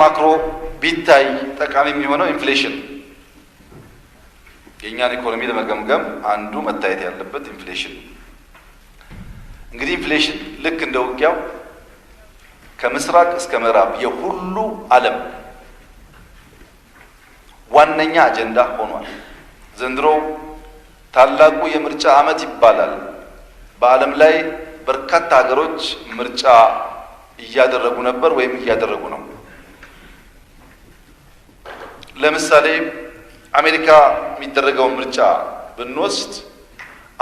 ማክሮ ቢታይ ጠቃሚ የሚሆነው ኢንፍሌሽን የእኛን ኢኮኖሚ ለመገምገም አንዱ መታየት ያለበት ኢንፍሌሽን እንግዲህ ኢንፍሌሽን ልክ እንደ ውጊያው ከምስራቅ እስከ ምዕራብ የሁሉ ዓለም ዋነኛ አጀንዳ ሆኗል። ዘንድሮ ታላቁ የምርጫ ዓመት ይባላል። በዓለም ላይ በርካታ ሀገሮች ምርጫ እያደረጉ ነበር ወይም እያደረጉ ነው። ለምሳሌ አሜሪካ የሚደረገውን ምርጫ ብንወስድ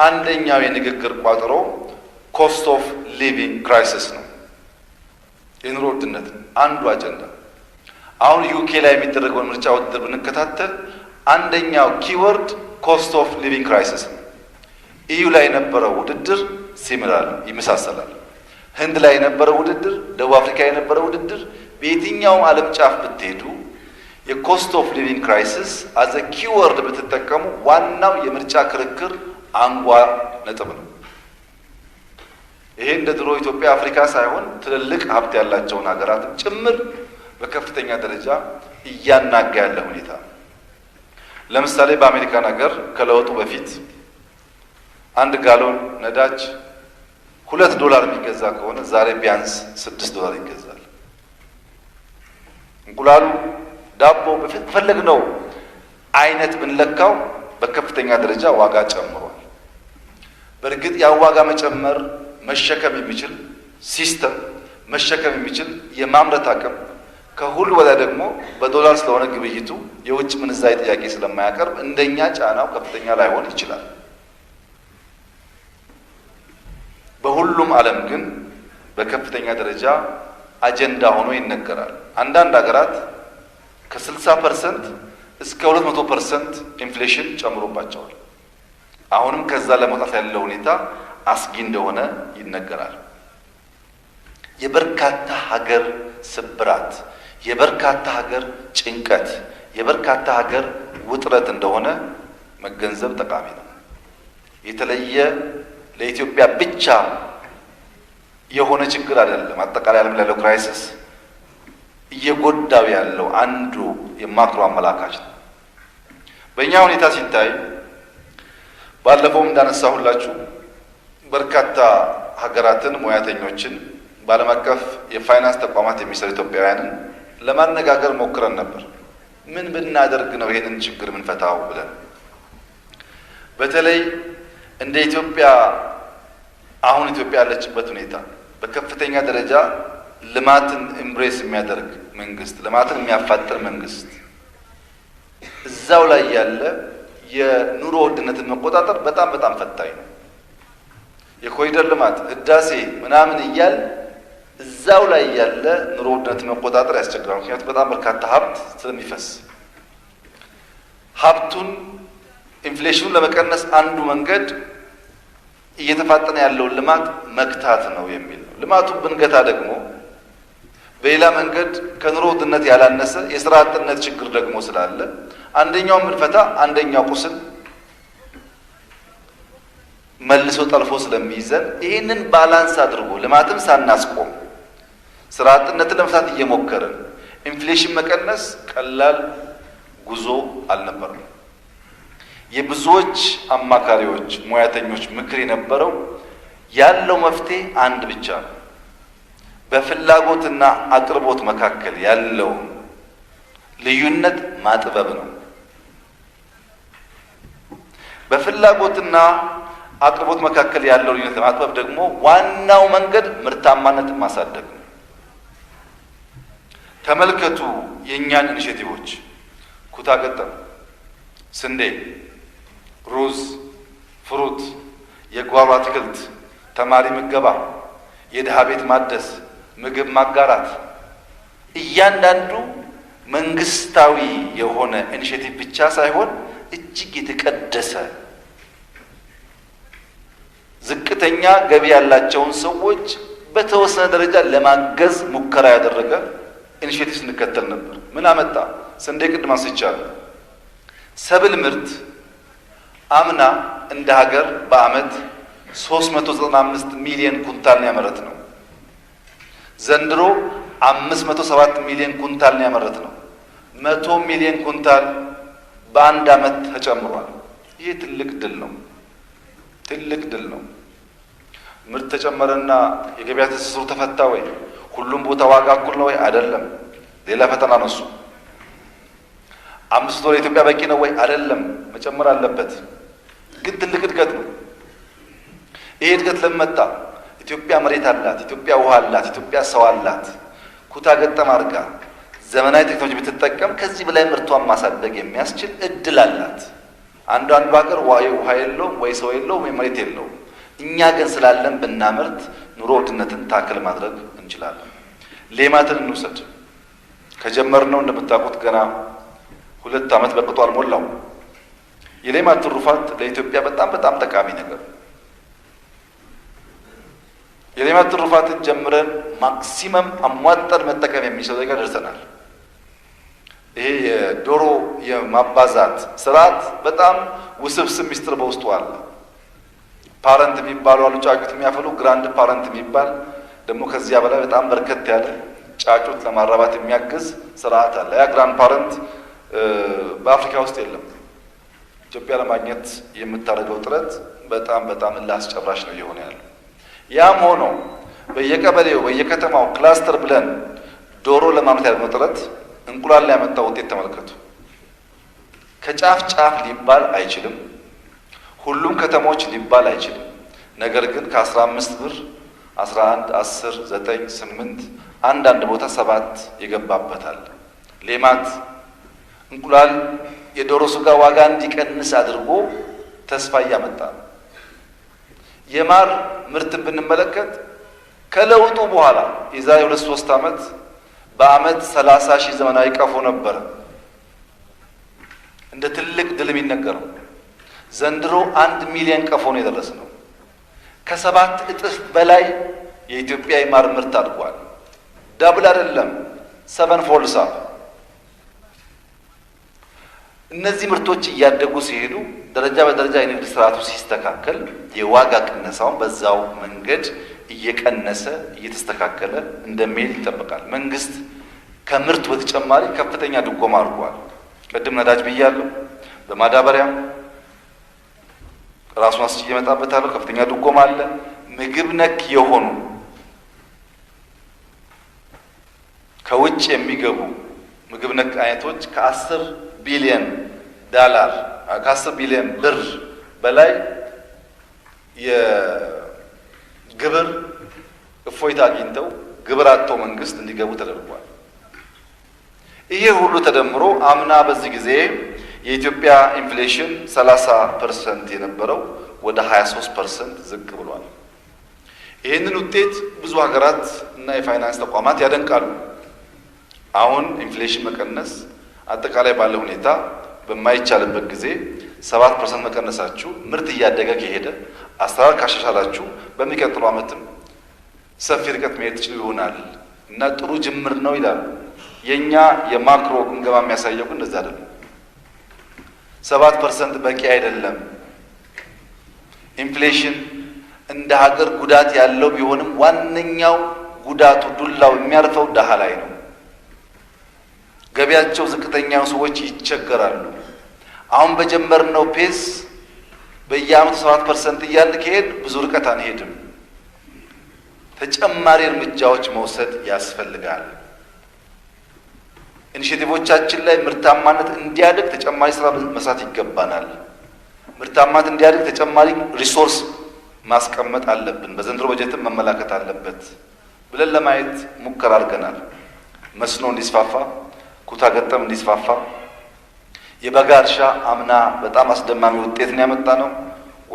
አንደኛው የንግግር ቋጠሮ ኮስት ኦፍ ሊቪንግ ክራይሲስ ነው፣ የኑሮ ውድነት አንዱ አጀንዳ። አሁን ዩኬ ላይ የሚደረገውን ምርጫ ውድድር ብንከታተል አንደኛው ኪወርድ ኮስት ኦፍ ሊቪንግ ክራይሲስ ነው። ኢዩ ላይ የነበረው ውድድር ሲሚላር ይመሳሰላል። ህንድ ላይ የነበረው ውድድር፣ ደቡብ አፍሪካ የነበረው ውድድር፣ በየትኛውም ዓለም ጫፍ ብትሄዱ የኮስት ኦፍ ሊቪንግ ክራይሲስ አዘ ኪወርድ ብትጠቀሙ ዋናው የምርጫ ክርክር አንጓ ነጥብ ነው። ይሄ እንደ ድሮ ኢትዮጵያ አፍሪካ ሳይሆን ትልልቅ ሀብት ያላቸውን ሀገራትም ጭምር በከፍተኛ ደረጃ እያናጋ ያለ ሁኔታ ለምሳሌ በአሜሪካ ሀገር ከለውጡ በፊት አንድ ጋሎን ነዳጅ ሁለት ዶላር የሚገዛ ከሆነ ዛሬ ቢያንስ ስድስት ዶላር ይገዛል። እንቁላሉ ዳቦ በፊት በፈለግነው አይነት ብንለካው በከፍተኛ ደረጃ ዋጋ ጨምሯል። በእርግጥ ያ ዋጋ መጨመር መሸከም የሚችል ሲስተም መሸከም የሚችል የማምረት አቅም ከሁሉ በላይ ደግሞ በዶላር ስለሆነ ግብይቱ የውጭ ምንዛሪ ጥያቄ ስለማያቀርብ እንደኛ ጫናው ከፍተኛ ላይሆን ይችላል። በሁሉም ዓለም ግን በከፍተኛ ደረጃ አጀንዳ ሆኖ ይነገራል። አንዳንድ ሀገራት ከ60 ፐርሰንት እስከ 200 ፐርሰንት ኢንፍሌሽን ጨምሮባቸዋል። አሁንም ከዛ ለመውጣት ያለው ሁኔታ አስጊ እንደሆነ ይነገራል። የበርካታ ሀገር ስብራት፣ የበርካታ ሀገር ጭንቀት፣ የበርካታ ሀገር ውጥረት እንደሆነ መገንዘብ ጠቃሚ ነው። የተለየ ለኢትዮጵያ ብቻ የሆነ ችግር አይደለም። አጠቃላይ ዓለም ላለው ክራይሲስ እየጎዳው ያለው አንዱ የማክሮ አመላካች ነው። በእኛ ሁኔታ ሲታይ ባለፈውም እንዳነሳሁላችሁ በርካታ ሀገራትን ሙያተኞችን በዓለም አቀፍ የፋይናንስ ተቋማት የሚሰሩ ኢትዮጵያውያንን ለማነጋገር ሞክረን ነበር። ምን ብናደርግ ነው ይህንን ችግር ምንፈታው ብለን በተለይ እንደ ኢትዮጵያ አሁን ኢትዮጵያ ያለችበት ሁኔታ በከፍተኛ ደረጃ ልማትን ኢምብሬስ የሚያደርግ መንግስት፣ ልማትን የሚያፋጥር መንግስት፣ እዛው ላይ ያለ የኑሮ ውድነትን መቆጣጠር በጣም በጣም ፈታኝ ነው። የኮሪደር ልማት ህዳሴ ምናምን እያል እዛው ላይ ያለ ኑሮ ውድነትን መቆጣጠር ያስቸግራል። ምክንያቱም በጣም በርካታ ሀብት ስለሚፈስ ሀብቱን ኢንፍሌሽኑን ለመቀነስ አንዱ መንገድ እየተፋጠነ ያለውን ልማት መግታት ነው የሚል ነው። ልማቱ ብንገታ ደግሞ በሌላ መንገድ ከኑሮ ውድነት ያላነሰ የስራ አጥነት ችግር ደግሞ ስላለ አንደኛው ምንፈታ አንደኛው ቁስል መልሶ ጠልፎ ስለሚይዘን ይህንን ባላንስ አድርጎ ልማትም ሳናስቆም ስራ አጥነትን ለመፍታት እየሞከርን ኢንፍሌሽን መቀነስ ቀላል ጉዞ አልነበረም። የብዙዎች አማካሪዎች፣ ሙያተኞች ምክር የነበረው ያለው መፍትሄ አንድ ብቻ ነው። በፍላጎትና አቅርቦት መካከል ያለው ልዩነት ማጥበብ ነው። በፍላጎትና አቅርቦት መካከል ያለው ልዩነት ማጥበብ ደግሞ ዋናው መንገድ ምርታማነት ማሳደግ ነው። ተመልከቱ የእኛን ኢኒሽቲቮች ኩታ ገጠም፣ ስንዴ፣ ሩዝ፣ ፍሩት፣ የጓሮ አትክልት፣ ተማሪ ምገባ፣ የድሃ ቤት ማደስ ምግብ ማጋራት እያንዳንዱ መንግስታዊ የሆነ ኢኒሽቲቭ ብቻ ሳይሆን እጅግ የተቀደሰ ዝቅተኛ ገቢ ያላቸውን ሰዎች በተወሰነ ደረጃ ለማገዝ ሙከራ ያደረገ ኢኒሽቲቭ ስንከተል ነበር። ምን አመጣ? ስንዴ ቅድም አንስቻለሁ። ሰብል ምርት አምና እንደ ሀገር በአመት 395 ሚሊዮን ኩንታል ያመረት ነው። ዘንድሮ አምስት መቶ ሰባት ሚሊዮን ኩንታል ነው ያመረት ነው። መቶ ሚሊዮን ኩንታል በአንድ አመት ተጨምሯል። ይህ ትልቅ ድል ነው። ትልቅ ድል ነው። ምርት ተጨመረና የገበያ ትስስሩ ተፈታ ወይ? ሁሉም ቦታ ዋጋ እኩል ነው ወይ? አይደለም። ሌላ ፈተና ነሱ አምስት ዶላር የኢትዮጵያ በቂ ነው ወይ? አይደለም። መጨመር አለበት። ግን ትልቅ እድገት ነው። ይሄ እድገት ለመጣ ኢትዮጵያ መሬት አላት፣ ኢትዮጵያ ውሃ አላት፣ ኢትዮጵያ ሰው አላት። ኩታ ገጠም አድርጋ ዘመናዊ ቴክኖሎጂ ብትጠቀም ከዚህ በላይ ምርቷን ማሳደግ የሚያስችል እድል አላት። አንዳንዱ ሀገር ዋይ ውሃ የለውም ወይ ሰው የለውም ወይ መሬት የለውም። እኛ ግን ስላለን ብናመርት ኑሮ ውድነትን ታክል ማድረግ እንችላለን። ሌማትን እንውሰድ። ከጀመርነው እንደምታውቁት ገና ሁለት ዓመት በቅጦ አልሞላው። የሌማት ትሩፋት ለኢትዮጵያ በጣም በጣም ጠቃሚ ነገር የሌማት ትሩፋትን ጀምረን ማክሲመም አሟጠን መጠቀም የሚችለው ደረጃ ደርሰናል። ይሄ የዶሮ የማባዛት ስርዓት በጣም ውስብስብ ሚስጥር በውስጡ አለ። ፓረንት የሚባሉ አሉ፣ ጫጩት የሚያፈሉ ግራንድ ፓረንት የሚባል ደግሞ ከዚያ በላይ በጣም በርከት ያለ ጫጩት ለማራባት የሚያግዝ ስርዓት አለ። ያ ግራንድ ፓረንት በአፍሪካ ውስጥ የለም። ኢትዮጵያ ለማግኘት የምታደርገው ጥረት በጣም በጣም እልህ አስጨራሽ ነው እየሆነ ያም ሆኖ በየቀበሌው በየከተማው ክላስተር ብለን ዶሮ ለማምረት ያለው ጥረት እንቁላል ላይ ያመጣው ውጤት ተመልከቱ። ከጫፍ ጫፍ ሊባል አይችልም፣ ሁሉም ከተሞች ሊባል አይችልም። ነገር ግን ከአስራ አምስት ብር አስራ አንድ አስር ዘጠኝ ስምንት አንዳንድ ቦታ ሰባት ይገባበታል። ሌማት እንቁላል የዶሮ ስጋ ዋጋ እንዲቀንስ አድርጎ ተስፋ እያመጣ ነው። የማር ምርትን ብንመለከት ከለውጡ በኋላ የዛሬ ሁለት ሶስት ዓመት በአመት ሰላሳ ሺህ ዘመናዊ ቀፎ ነበረ እንደ ትልቅ ድል የሚነገረው። ዘንድሮ አንድ ሚሊዮን ቀፎ ነው የደረስ ነው። ከሰባት እጥፍ በላይ የኢትዮጵያ የማር ምርት አድጓል። ዳብል አይደለም ሰቨን ፎልሳ እነዚህ ምርቶች እያደጉ ሲሄዱ ደረጃ በደረጃ የንግድ ስርዓቱ ሲስተካከል የዋጋ ቅነሳውን በዛው መንገድ እየቀነሰ እየተስተካከለ እንደሚሄድ ይጠበቃል። መንግስት ከምርት በተጨማሪ ከፍተኛ ድጎማ አድርጓል። ቅድም ነዳጅ ብያለሁ። በማዳበሪያ ራሱን እየመጣበት እየመጣበታለሁ ከፍተኛ ድጎማ አለ። ምግብ ነክ የሆኑ ከውጭ የሚገቡ ምግብ ነክ አይነቶች ከአስር ቢሊየን ዳላር ከአስር ቢሊዮን ብር በላይ የግብር እፎይታ አግኝተው ግብር አጥቶ መንግስት እንዲገቡ ተደርጓል። ይሄ ሁሉ ተደምሮ አምና በዚህ ጊዜ የኢትዮጵያ ኢንፍሌሽን 30 ፐርሰንት የነበረው ወደ 23 ፐርሰንት ዝቅ ብሏል። ይህንን ውጤት ብዙ ሀገራት እና የፋይናንስ ተቋማት ያደንቃሉ። አሁን ኢንፍሌሽን መቀነስ አጠቃላይ ባለ ሁኔታ በማይቻልበት ጊዜ ሰባት ፐርሰንት መቀነሳችሁ ምርት እያደገ ከሄደ አሰራር ካሻሻላችሁ በሚቀጥሉ ዓመትም ሰፊ ርቀት መሄድ ትችሉ ይሆናል እና ጥሩ ጅምር ነው ይላሉ። የእኛ የማክሮ ግምገማ የሚያሳየው ግን እንደዛ አይደለም። ሰባት ፐርሰንት በቂ አይደለም። ኢንፍሌሽን እንደ ሀገር ጉዳት ያለው ቢሆንም ዋነኛው ጉዳቱ ዱላው የሚያርፈው ደሃ ላይ ነው። ገቢያቸው ዝቅተኛ ሰዎች ይቸገራሉ። አሁን በጀመርነው ፔስ በየአመቱ ሰባት ፐርሰንት እያልን ከሄድ ብዙ ርቀት አንሄድም። ተጨማሪ እርምጃዎች መውሰድ ያስፈልጋል። ኢኒሽቲቮቻችን ላይ ምርታማነት እንዲያድግ ተጨማሪ ስራ መስራት ይገባናል። ምርታማነት እንዲያድግ ተጨማሪ ሪሶርስ ማስቀመጥ አለብን። በዘንድሮ በጀትም መመላከት አለበት ብለን ለማየት ሙከራ አድርገናል። መስኖ እንዲስፋፋ፣ ኩታ ገጠም እንዲስፋፋ የበጋ እርሻ አምና በጣም አስደማሚ ውጤት ነው ያመጣ ነው።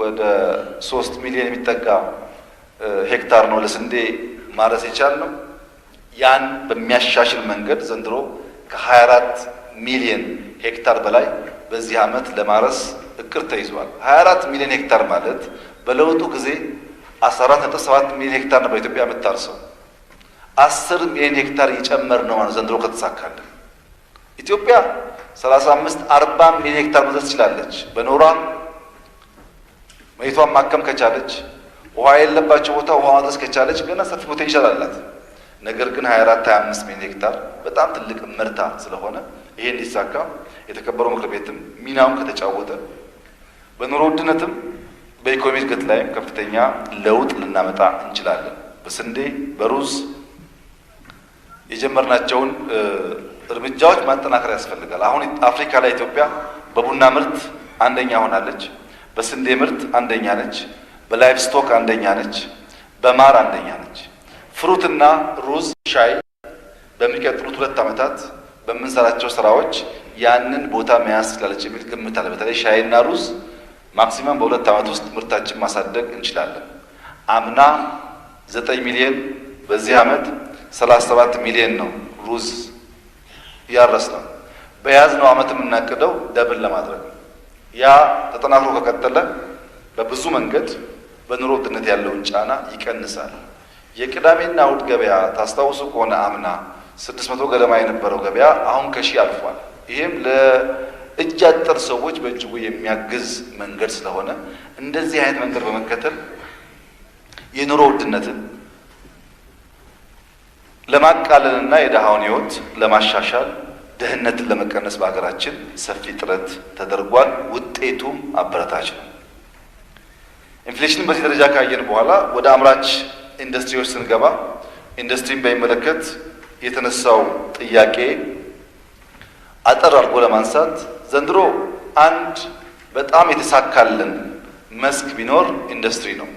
ወደ ሶስት ሚሊዮን የሚጠጋ ሄክታር ነው ለስንዴ ማረስ የቻል ነው። ያን በሚያሻሽል መንገድ ዘንድሮ ከ24 ሚሊዮን ሄክታር በላይ በዚህ ዓመት ለማረስ እቅድ ተይዟል። 24 ሚሊዮን ሄክታር ማለት በለውጡ ጊዜ 14.7 ሚሊዮን ሄክታር ነው በኢትዮጵያ የምታርሰው። 10 ሚሊዮን ሄክታር እየጨመር ነው ዘንድሮ ከተሳካለን ኢትዮጵያ 35 40 ሚሊዮን ሄክታር መዘዝ ትችላለች። በኖራ መሬቷን ማከም ከቻለች ውሃ የለባቸው ቦታ ውሃ ማድረስ ከቻለች ገና ሰፊ ፖቴንሻል አላት። ነገር ግን 24 25 ሚሊዮን ሄክታር በጣም ትልቅ ምርታ ስለሆነ ይሄ እንዲሳካ የተከበረው ምክር ቤትም ሚናውን ከተጫወተ በኑሮ ውድነትም በኢኮኖሚ እድገት ላይም ከፍተኛ ለውጥ ልናመጣ እንችላለን። በስንዴ በሩዝ የጀመርናቸውን እርምጃዎች ማጠናከር ያስፈልጋል። አሁን አፍሪካ ላይ ኢትዮጵያ በቡና ምርት አንደኛ ሆናለች፣ በስንዴ ምርት አንደኛ ነች፣ በላይፍ ስቶክ አንደኛ ነች፣ በማር አንደኛ ነች። ፍሩትና ሩዝ፣ ሻይ በሚቀጥሉት ሁለት ዓመታት በምንሰራቸው ስራዎች ያንን ቦታ መያዝ ስላለች የሚል ግምት አለ። በተለይ ሻይና ሩዝ ማክሲመም በሁለት ዓመት ውስጥ ምርታችን ማሳደግ እንችላለን። አምና ዘጠኝ ሚሊየን በዚህ ዓመት ሰላሳ ሚሊዮን ነው ሩዝ እያረስ ነው። በያዝነው ዓመት የምናቅደው ደብል ለማድረግ ያ ተጠናክሮ ከቀጠለ በብዙ መንገድ በኑሮ ውድነት ያለውን ጫና ይቀንሳል። የቅዳሜና ውድ ገበያ ታስታውሱ ከሆነ አምና ስድስት መቶ ገደማ የነበረው ገበያ አሁን ከሺ አልፏል። ይህም ለእጅ አጠር ሰዎች በእጅጉ የሚያግዝ መንገድ ስለሆነ እንደዚህ አይነት መንገድ በመከተል የኑሮ ውድነትን ለማቃለልና የድሃውን ህይወት ለማሻሻል ድህነትን ለመቀነስ በሀገራችን ሰፊ ጥረት ተደርጓል። ውጤቱም አበረታች ነው። ኢንፍሌሽንን በዚህ ደረጃ ካየን በኋላ ወደ አምራች ኢንዱስትሪዎች ስንገባ ኢንዱስትሪን በሚመለከት የተነሳው ጥያቄ አጠር አድርጎ ለማንሳት ዘንድሮ አንድ በጣም የተሳካልን መስክ ቢኖር ኢንዱስትሪ ነው።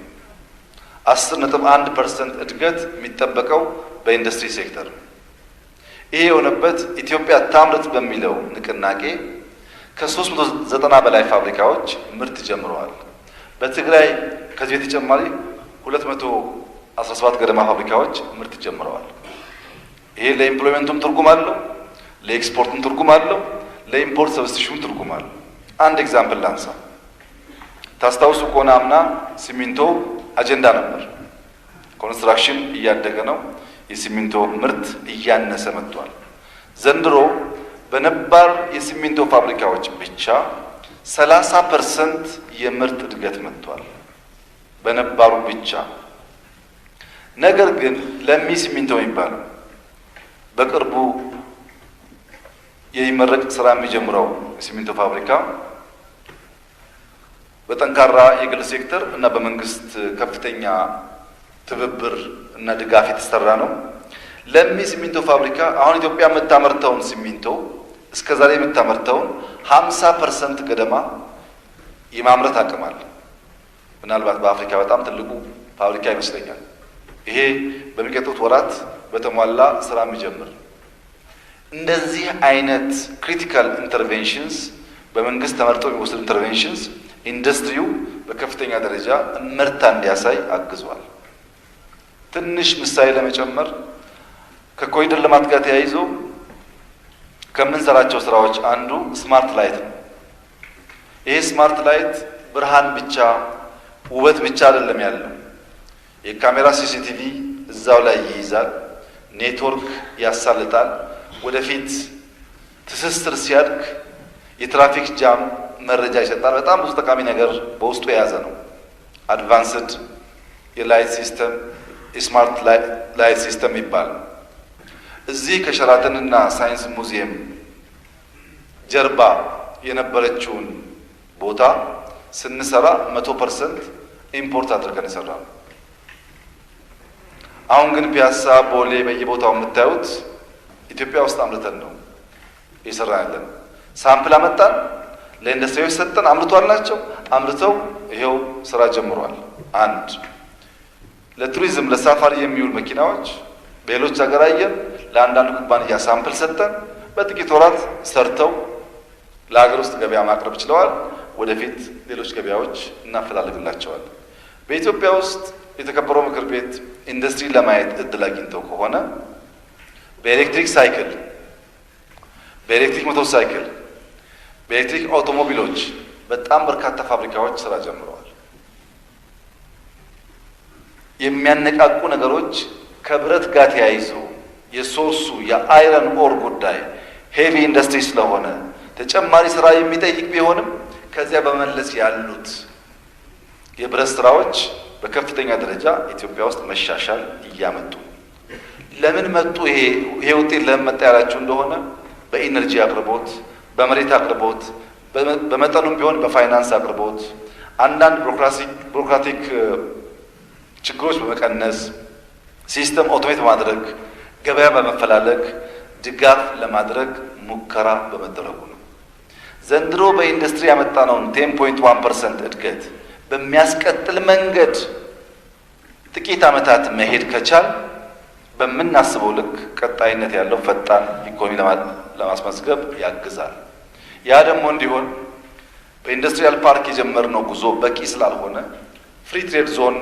አስር ነጥብ አንድ ፐርሰንት እድገት የሚጠበቀው በኢንዱስትሪ ሴክተር ነው። ይሄ የሆነበት ኢትዮጵያ ታምርት በሚለው ንቅናቄ ከሶስት መቶ ዘጠና በላይ ፋብሪካዎች ምርት ጀምረዋል። በትግራይ ከዚህ በተጨማሪ ሁለት መቶ አስራ ሰባት ገደማ ፋብሪካዎች ምርት ጀምረዋል። ይሄ ለኢምፕሎይመንቱም ትርጉም አለው፣ ለኤክስፖርቱም ትርጉም አለው፣ ለኢምፖርት ሰብስቲሽኑም ትርጉም አለው። አንድ ኤግዛምፕል ላንሳ። ታስታውሱ ከሆነ አምና ሲሚንቶ አጀንዳ ነበር። ኮንስትራክሽን እያደገ ነው። የሲሚንቶ ምርት እያነሰ መጥቷል። ዘንድሮ በነባር የሲሚንቶ ፋብሪካዎች ብቻ ሰላሳ ፐርሰንት የምርት እድገት መጥቷል። በነባሩ ብቻ ነገር ግን ለሚ ሲሚንቶ የሚባለው በቅርቡ የሚመረቅ ስራ የሚጀምረው ሲሚንቶ ፋብሪካ በጠንካራ የግል ሴክተር እና በመንግስት ከፍተኛ ትብብር እና ድጋፍ የተሰራ ነው። ለሚ ሲሚንቶ ፋብሪካ አሁን ኢትዮጵያ የምታመርተውን ሲሚንቶ እስከ ዛሬ የምታመርተውን ሀምሳ ፐርሰንት ገደማ የማምረት አቅም አለ። ምናልባት በአፍሪካ በጣም ትልቁ ፋብሪካ ይመስለኛል። ይሄ በሚቀጥሉት ወራት በተሟላ ስራ የሚጀምር እንደዚህ አይነት ክሪቲካል ኢንተርቬንሽንስ በመንግስት ተመርጦ የሚወስድ ኢንተርቬንሽንስ ኢንዱስትሪው በከፍተኛ ደረጃ እመርታ እንዲያሳይ አግዟል። ትንሽ ምሳሌ ለመጨመር ከኮሪደር ልማት ጋር ተያይዞ ከምንሰራቸው ስራዎች አንዱ ስማርት ላይት ነው። ይህ ስማርት ላይት ብርሃን ብቻ ውበት ብቻ አይደለም ያለው። የካሜራ ሲሲቲቪ እዛው ላይ ይይዛል፣ ኔትወርክ ያሳልጣል። ወደፊት ትስስር ሲያድግ የትራፊክ ጃም መረጃ ይሰጣል። በጣም ብዙ ጠቃሚ ነገር በውስጡ የያዘ ነው። አድቫንስድ የላይት ሲስተም የስማርት ላይት ሲስተም ይባል እዚህ ከሸራተንና ሳይንስ ሙዚየም ጀርባ የነበረችውን ቦታ ስንሰራ መቶ ፐርሰንት ኢምፖርት አድርገን የሰራ ነው። አሁን ግን ፒያሳ፣ ቦሌ በየቦታው የምታዩት ኢትዮጵያ ውስጥ አምርተን ነው የሰራ ያለን። ሳምፕል አመጣን። ለኢንዱስትሪዎች ሰጠን። አምርቷል ናቸው አምርተው ይኸው ስራ ጀምሯል። አንድ ለቱሪዝም ለሳፋሪ የሚውል መኪናዎች በሌሎች ሀገር አየን። ለአንዳንድ ኩባንያ ሳምፕል ሰጠን። በጥቂት ወራት ሰርተው ለሀገር ውስጥ ገበያ ማቅረብ ችለዋል። ወደፊት ሌሎች ገበያዎች እናፈላልግላቸዋለን። በኢትዮጵያ ውስጥ የተከበረው ምክር ቤት ኢንዱስትሪ ለማየት እድል አግኝተው ከሆነ በኤሌክትሪክ ሳይክል በኤሌክትሪክ ሞተር ሳይክል በኤሌክትሪክ አውቶሞቢሎች በጣም በርካታ ፋብሪካዎች ስራ ጀምረዋል። የሚያነቃቁ ነገሮች ከብረት ጋር ተያይዞ የሶርሱ የአይረን ኦር ጉዳይ ሄቪ ኢንዱስትሪ ስለሆነ ተጨማሪ ስራ የሚጠይቅ ቢሆንም ከዚያ በመለስ ያሉት የብረት ስራዎች በከፍተኛ ደረጃ ኢትዮጵያ ውስጥ መሻሻል እያመጡ ለምን መጡ ይሄ ይሄ ውጤት ለምን መጣ ያላችሁ እንደሆነ በኢነርጂ አቅርቦት በመሬት አቅርቦት፣ በመጠኑም ቢሆን በፋይናንስ አቅርቦት፣ አንዳንድ ቢሮክራቲክ ችግሮች በመቀነስ ሲስተም ኦቶሜት በማድረግ ገበያ በመፈላለግ ድጋፍ ለማድረግ ሙከራ በመደረጉ ነው። ዘንድሮ በኢንዱስትሪ ያመጣነውን ቴን ፖይንት ዋን ፐርሰንት እድገት በሚያስቀጥል መንገድ ጥቂት ዓመታት መሄድ ከቻል በምናስበው ልክ ቀጣይነት ያለው ፈጣን ኢኮኖሚ ለማስመዝገብ ያግዛል። ያ ደግሞ እንዲሆን በኢንዱስትሪያል ፓርክ የጀመርነው ጉዞ በቂ ስላልሆነ ፍሪ ትሬድ ዞን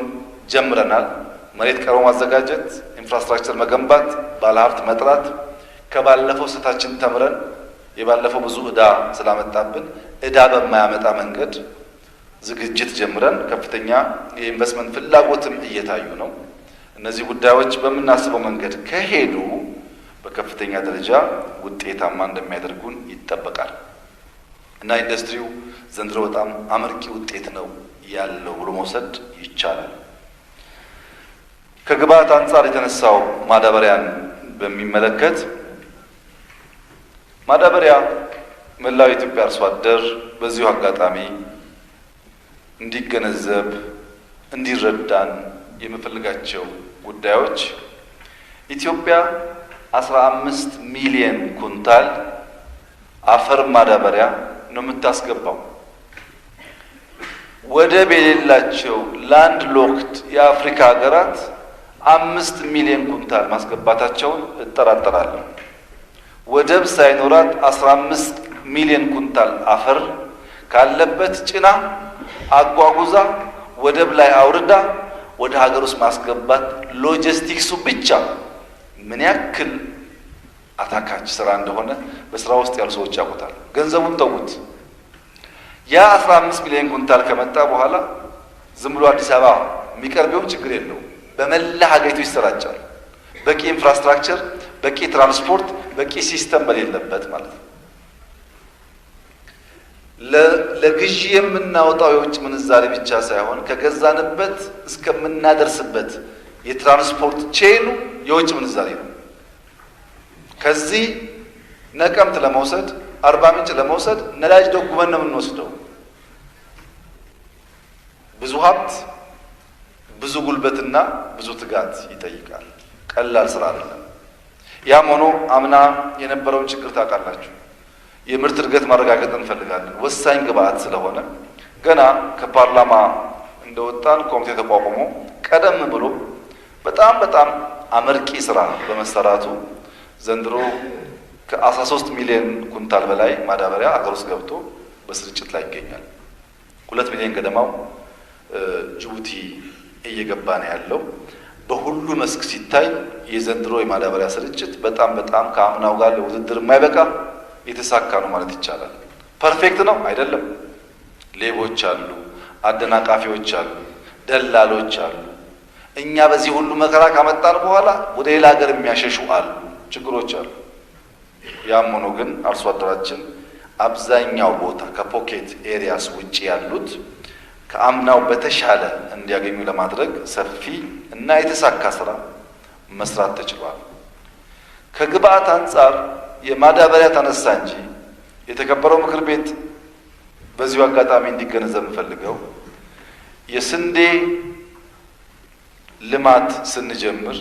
ጀምረናል። መሬት ቀርቦ ማዘጋጀት፣ ኢንፍራስትራክቸር መገንባት፣ ባለሀብት መጥራት፣ ከባለፈው ስህተታችን ተምረን የባለፈው ብዙ እዳ ስላመጣብን እዳ በማያመጣ መንገድ ዝግጅት ጀምረን ከፍተኛ የኢንቨስትመንት ፍላጎትም እየታዩ ነው። እነዚህ ጉዳዮች በምናስበው መንገድ ከሄዱ በከፍተኛ ደረጃ ውጤታማ እንደሚያደርጉን ይጠበቃል እና ኢንዱስትሪው ዘንድሮ በጣም አመርቂ ውጤት ነው ያለው ብሎ መውሰድ ይቻላል። ከግብዓት አንጻር የተነሳው ማዳበሪያን በሚመለከት ማዳበሪያ መላው የኢትዮጵያ አርሶ አደር በዚሁ አጋጣሚ እንዲገነዘብ እንዲረዳን የምፈልጋቸው ጉዳዮች ኢትዮጵያ 15 አምስት ሚሊየን ኩንታል አፈር ማዳበሪያ ነው የምታስገባው። ወደብ የሌላቸው ላንድ ሎክድ የአፍሪካ ሀገራት አምስት ሚሊዮን ኩንታል ማስገባታቸውን እጠራጠራለሁ። ወደብ ሳይኖራት 15 ሚሊዮን ኩንታል አፈር ካለበት ጭና አጓጉዛ ወደብ ላይ አውርዳ ወደ ሀገር ውስጥ ማስገባት ሎጂስቲክሱ ብቻ ምን ያክል አታካች ስራ እንደሆነ በስራ ውስጥ ያሉ ሰዎች ያውቁታል። ገንዘቡን ተውት። ያ አስራ አምስት ሚሊዮን ኩንታል ከመጣ በኋላ ዝም ብሎ አዲስ አበባ የሚቀርበውም ችግር የለውም። በመላ ሀገሪቱ ይሰራጫል። በቂ ኢንፍራስትራክቸር፣ በቂ ትራንስፖርት፣ በቂ ሲስተም በሌለበት ማለት ነው። ለግዢ የምናወጣው የውጭ ምንዛሬ ብቻ ሳይሆን ከገዛንበት እስከምናደርስበት የትራንስፖርት ቼኑ የውጭ ምንዛሬ ነው። ከዚህ ነቀምት ለመውሰድ አርባ ምንጭ ለመውሰድ ነዳጅ ደጉመን ነው የምንወስደው። ብዙ ሀብት፣ ብዙ ጉልበትና ብዙ ትጋት ይጠይቃል። ቀላል ስራ አይደለም። ያም ሆኖ አምና የነበረውን ችግር ታውቃላችሁ። የምርት እድገት ማረጋገጥ እንፈልጋለን። ወሳኝ ግብአት ስለሆነ ገና ከፓርላማ እንደወጣን ኮሚቴ ተቋቁሞ ቀደም ብሎ በጣም በጣም አመርቂ ስራ በመሰራቱ ዘንድሮ ከ13 ሚሊዮን ኩንታል በላይ ማዳበሪያ አገር ውስጥ ገብቶ በስርጭት ላይ ይገኛል። ሁለት ሚሊዮን ገደማው ጅቡቲ እየገባ ነው ያለው። በሁሉ መስክ ሲታይ የዘንድሮ የማዳበሪያ ስርጭት በጣም በጣም ከአምናው ጋር ለውድድር የማይበቃ የተሳካ ነው ማለት ይቻላል። ፐርፌክት ነው አይደለም። ሌቦች አሉ፣ አደናቃፊዎች አሉ፣ ደላሎች አሉ። እኛ በዚህ ሁሉ መከራ ካመጣን በኋላ ወደ ሌላ ሀገር የሚያሸሹ አሉ፣ ችግሮች አሉ። ያም ሆኖ ግን አርሶ አደራችን አብዛኛው ቦታ ከፖኬት ኤሪያስ ውጭ ያሉት ከአምናው በተሻለ እንዲያገኙ ለማድረግ ሰፊ እና የተሳካ ስራ መስራት ተችሏል። ከግብአት አንጻር የማዳበሪያ ተነሳ እንጂ የተከበረው ምክር ቤት በዚሁ አጋጣሚ እንዲገነዘብ የምፈልገው የስንዴ ልማት ስንጀምር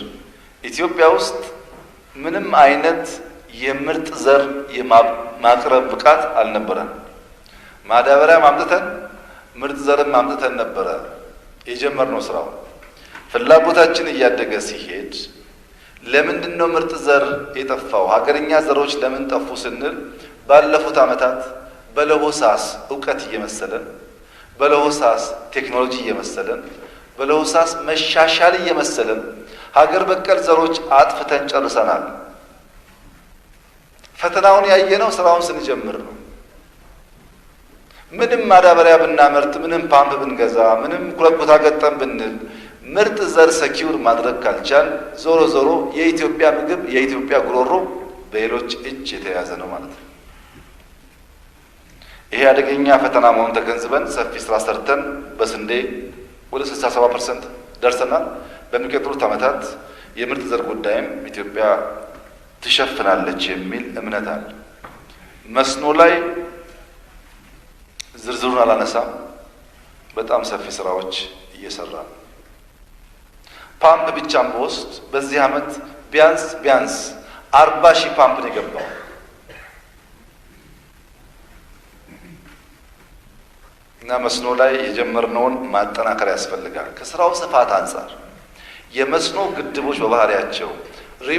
ኢትዮጵያ ውስጥ ምንም አይነት የምርጥ ዘር የማቅረብ ብቃት አልነበረን። ማዳበሪያ ማምጥተን ምርጥ ዘርም ማምጥተን ነበረ የጀመርነው ስራው። ፍላጎታችን እያደገ ሲሄድ ለምንድን ነው ምርጥ ዘር የጠፋው? ሀገርኛ ዘሮች ለምን ጠፉ ስንል ባለፉት ዓመታት በለሆሳስ እውቀት እየመሰለን፣ በለሆሳስ ቴክኖሎጂ እየመሰለን፣ በለሆሳስ መሻሻል እየመሰለን ሀገር በቀል ዘሮች አጥፍተን ጨርሰናል። ፈተናውን ያየነው ስራውን ስንጀምር ነው። ምንም ማዳበሪያ ብናመርት፣ ምንም ፓምፕ ብንገዛ፣ ምንም ኩለኩታ ገጠም ብንል ምርጥ ዘር ሰኪውር ማድረግ ካልቻል ዞሮ ዞሮ የኢትዮጵያ ምግብ የኢትዮጵያ ጉሮሮ በሌሎች እጅ የተያዘ ነው ማለት ነው። ይሄ አደገኛ ፈተና መሆኑን ተገንዝበን ሰፊ ስራ ሰርተን በስንዴ ወደ 67 ፐርሰንት ደርሰናል። በሚቀጥሉት ዓመታት የምርጥ ዘር ጉዳይም ኢትዮጵያ ትሸፍናለች የሚል እምነት አለ። መስኖ ላይ ዝርዝሩን አላነሳም። በጣም ሰፊ ስራዎች እየሰራ ነው። ፓምፕ ብቻም በውስጥ በዚህ ዓመት ቢያንስ ቢያንስ አርባ ሺህ ፓምፕ ነው የገባው። እና መስኖ ላይ የጀመርነውን ማጠናከር ያስፈልጋል። ከስራው ስፋት አንጻር የመስኖ ግድቦች በባህሪያቸው